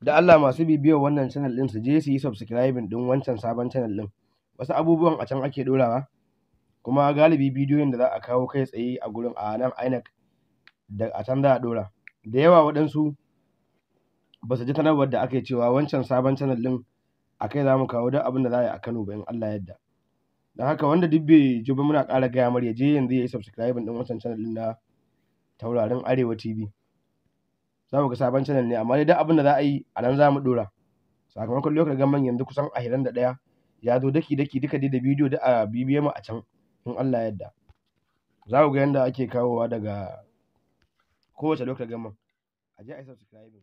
da Allah masu bibiyar wannan channel din su je su yi subscribing din wancan sabon channel din wasu abubuwan a can ake dorawa kuma galibi bidiyoyin da za a kawo kai tsaye a gurin a nan INEC da a can za a dora da yawa waɗansu ba su ji sanarwar da ake cewa wancan sabon channel din a kai za mu kawo duk abin da za a yi a Kano ba in Allah yadda don haka wanda duk bai ji ba muna ƙara gaya mara ya je yanzu ya yi subscribing din wancan channel din na taurarin Arewa TV za mu ga sabon channel ne amma dai abin da za a yi a nan za mu ɗora sakamakon lokacin gamban yanzu kusan ashirin da ɗaya ya zo daki daki duka dai da bidiyo da a bibiye mu a can in Allah yadda za ku ga yadda ake kawowa daga kowace lokacin gamban a je a yi subscribe